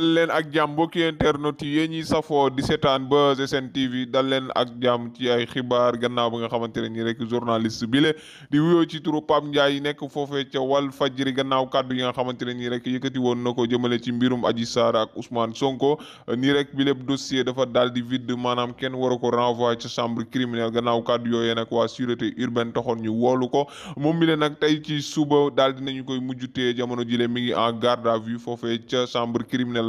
dal leen ak jàmm mbokki internet yi yéen ñi safoo di seetaan ba SN TV dal leen ak jàmm ci ay xibaar gannaaw ba nga xamante ne nii rek journaliste bi le di wuyoo ci turu Pape Ndiaye nekk foofee ca Walf Fadjri gannaaw kàddu yi nga xamante ne nii rek yëkkati woon na ko jëmale ci mbirum Adji Sarr ak Ousmane Sonko nii rek bi lépp dossier dafa daal di vide maanaam kenn war ko renvoi ca chambre criminelle gannaaw kàddu yooyee nag waa sûreté urbaine taxoon ñu woolu ko moom mi le nag ci suba daal dinañu koy mujjutee jamono jile mi ngi en garde à vue foofee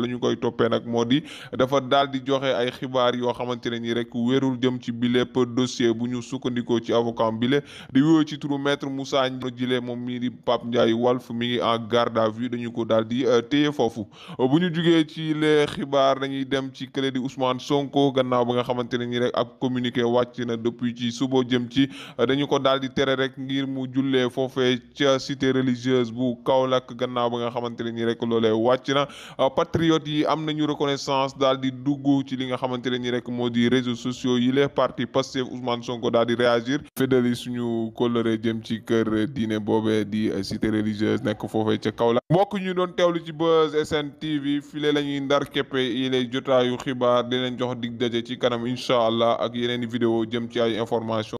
la ñu koy toppee nag moo di dafa daal di joxe ay xibaar yoo xamante ne nii rek wérul jëm ci bilépp dossier bu ñu sukkandikoo ci avocat bile di wuyoo ci turu maître Moussa Jile moom mii di Pape Ndiaye Walf mi ngi en garde à vue dañu ko daal di euh, téye foofu bu ñu jugee ci les xibaar dañuy dem ci kële di Ousmane Sonko gannaaw ba nga xamante ne nii rek ab communiqué wàcc na depuis ci suba jëm ci euh, dañu ko daal di tere rek ngir mu jullee foofee ca cité religieuse bu Kaolack gannaaw ba nga xamante ne nii rek loolee wàcc na euh, patriotes yi am nañu reconnaissance daal di dugg ci li nga xamante ne ni rek moo di réseaux sociaux yi les partis Pastef Ousmane Sonko daal di réagir fédéli suñu kóllëre jëm ci kër diine boobee di cité religieuse nekk foofee ca Kaolack mbokk ñu doon teewlu ci Buzz SN TV file la ñuy ndar képpe yi lay jotaayu xibaar di leen jox dig daje ci kanam incha allah ak yeneen i vidéo jëm ci ay information